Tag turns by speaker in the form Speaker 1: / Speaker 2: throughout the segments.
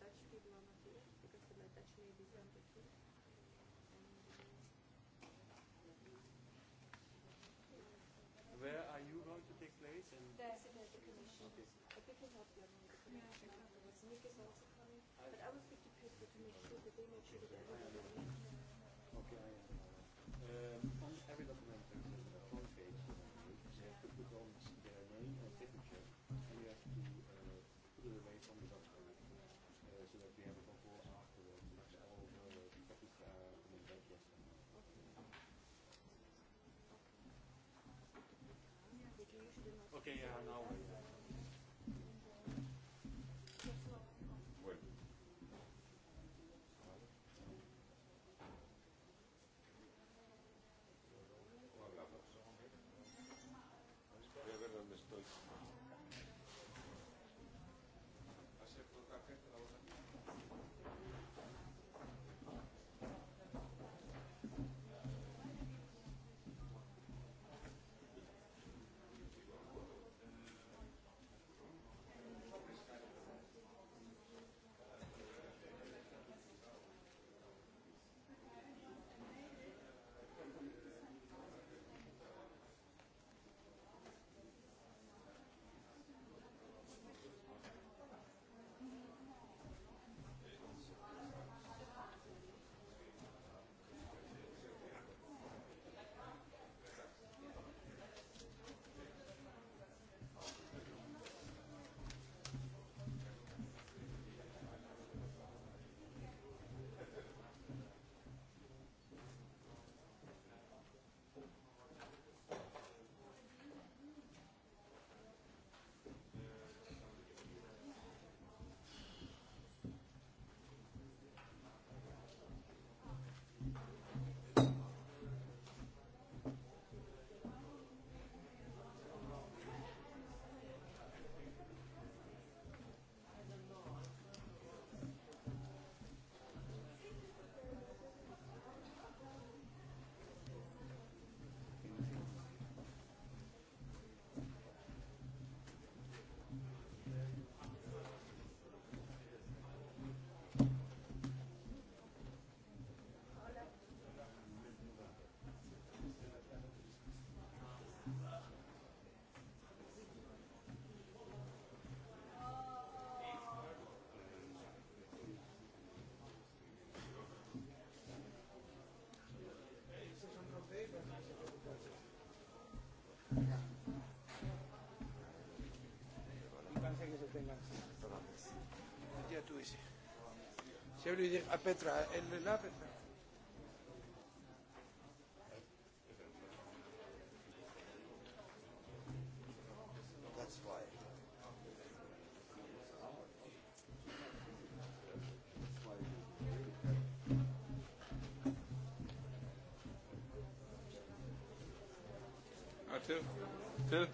Speaker 1: attached to raw material because the attach may be Where are you going to take place? And There's the commission. Okay. the commission yeah, afterwards. Nick is also coming. I but I will speak to to make sure that they make sure that everybody. Okay, I am. Um, Okay, yeah, now. Je voulais dire à Petra, elle est là, Petra.
Speaker 2: Two. Ah, Two.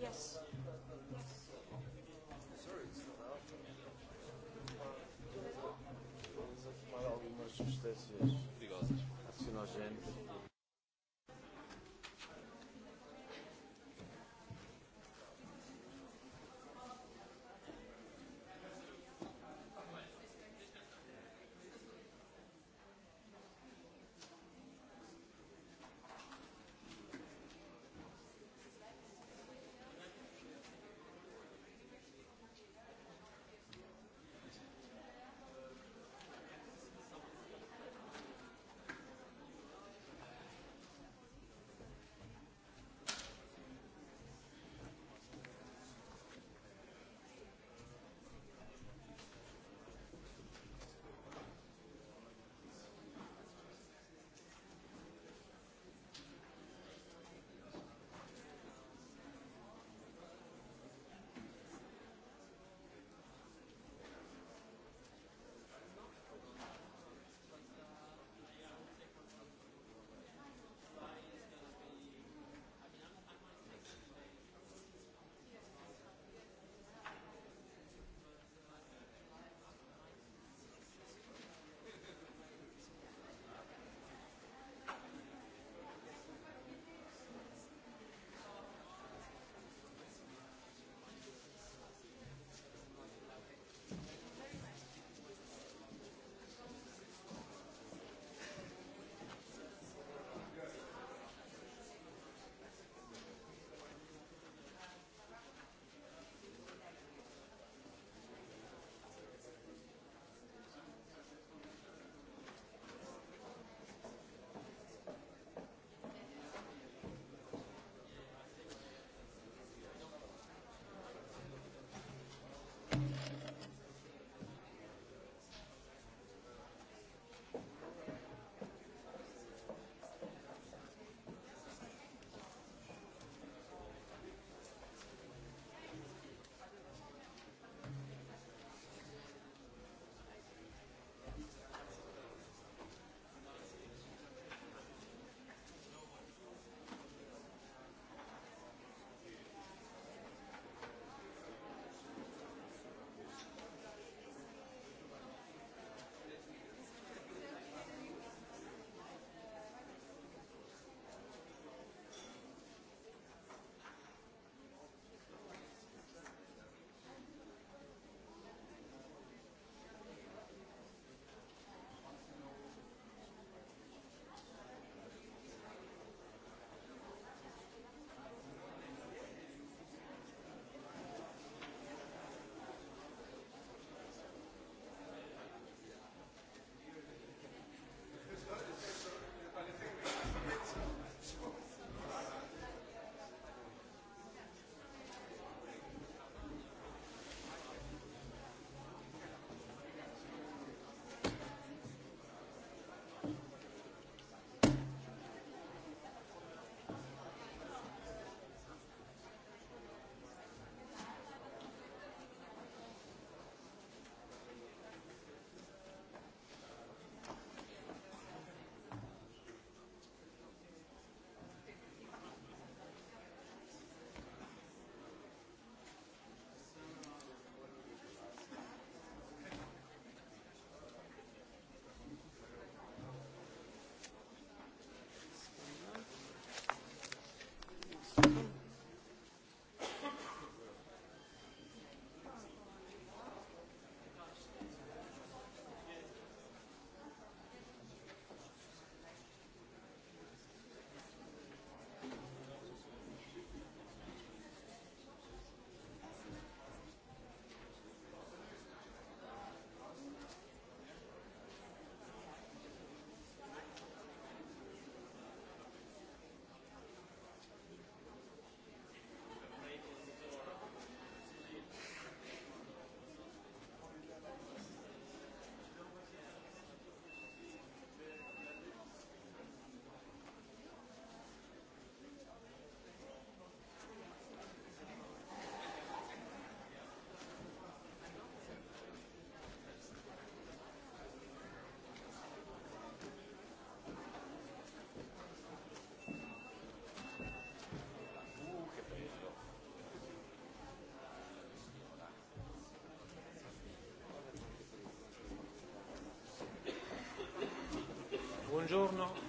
Speaker 1: Yes. Sorry, it's not out. Buongiorno.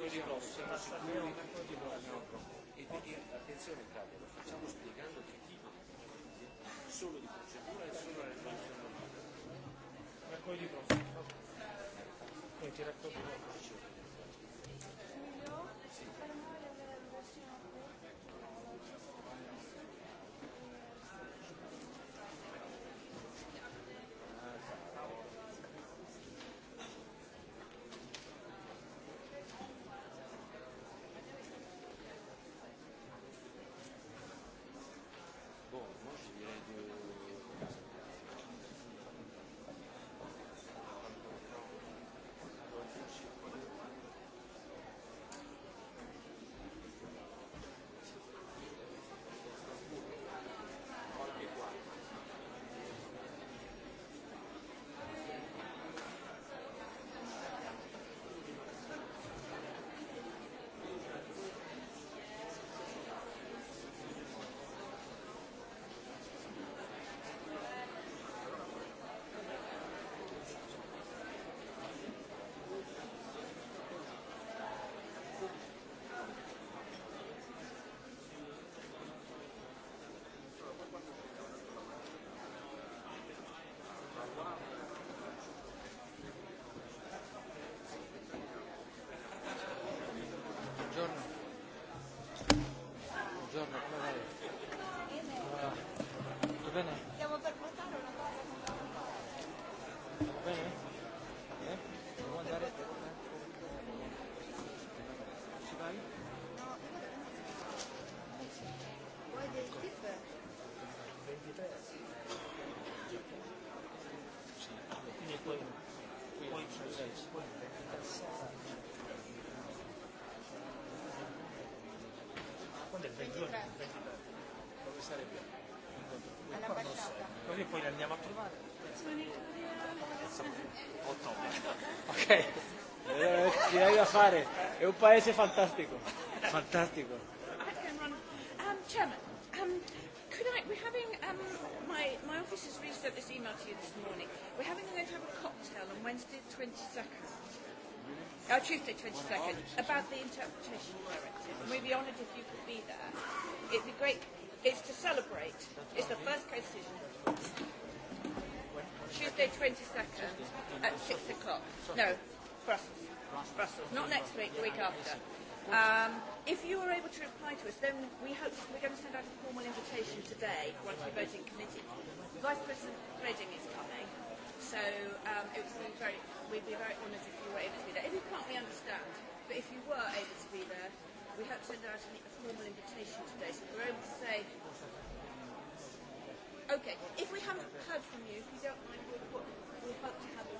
Speaker 1: così grosso, siamo sicuri di non abbiamo problemi. E quindi attenzione Italia, lo facciamo spiegando che tipo solo di procedura e solo di risoluzione. Raccogli prossimo. E ti racconto una cosa. Così poi li andiamo a trovare. Ok. Ci da fare. È un paese fantastico. Fantastico. Um, chairman my, my office has really sent this email to you this morning. We're having a have a cocktail on Wednesday the 22nd. Really? Tuesday 22nd, about the interpretation directive. And we'd be honoured if you could be there. It'd be great. It's to celebrate. It's the first case decision. Tuesday 22nd at 6 o'clock. No, Brussels. Brussels. Not next week, the week after. Um, if you are able to reply to us, then we hope we're going to send out a formal invitation today once we vote in committee. Vice President Redding is coming, so um, it would be very, we'd be very honoured if you were able to be there. If you can't, we understand. But if you were able to be there, we hope to send out a formal invitation today. So if we're able to say, okay, if we haven't heard from you, if you don't mind, we'll, we'll hope to have a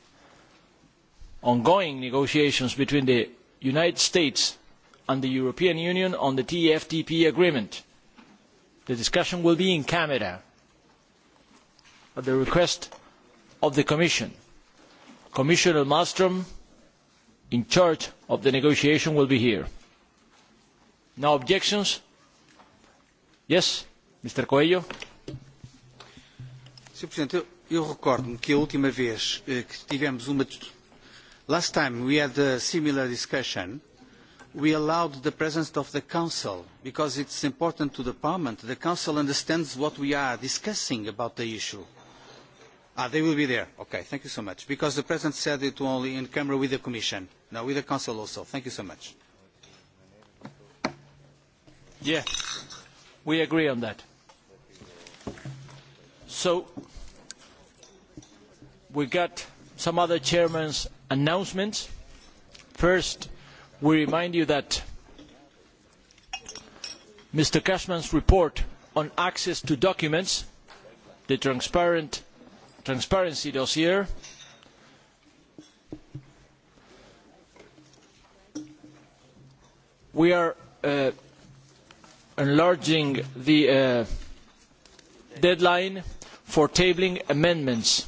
Speaker 1: ongoing negotiations between the United States and the European Union on the TFTP agreement. The discussion will be in camera at the request of the Commission. Commissioner Malmström, in charge of the negotiation, will be here. No objections? Yes, Mr. Coelho. Sr. Presidente, eu, recordo-me que a última vez eh, que tivemos uma Last time we had a similar discussion. We allowed the presence of the Council because it's important to the Parliament. The Council understands what we are discussing about the issue. Ah, they will be there. Okay, thank you so much. Because the President said it only in camera with the Commission. Now with the Council also. Thank you so much. Yeah, we agree on that. So we got some other chairmans announcements. First, we remind you that Mr. Cashman's report on access to documents, the transparency dossier, we are uh, enlarging the uh, deadline for tabling amendments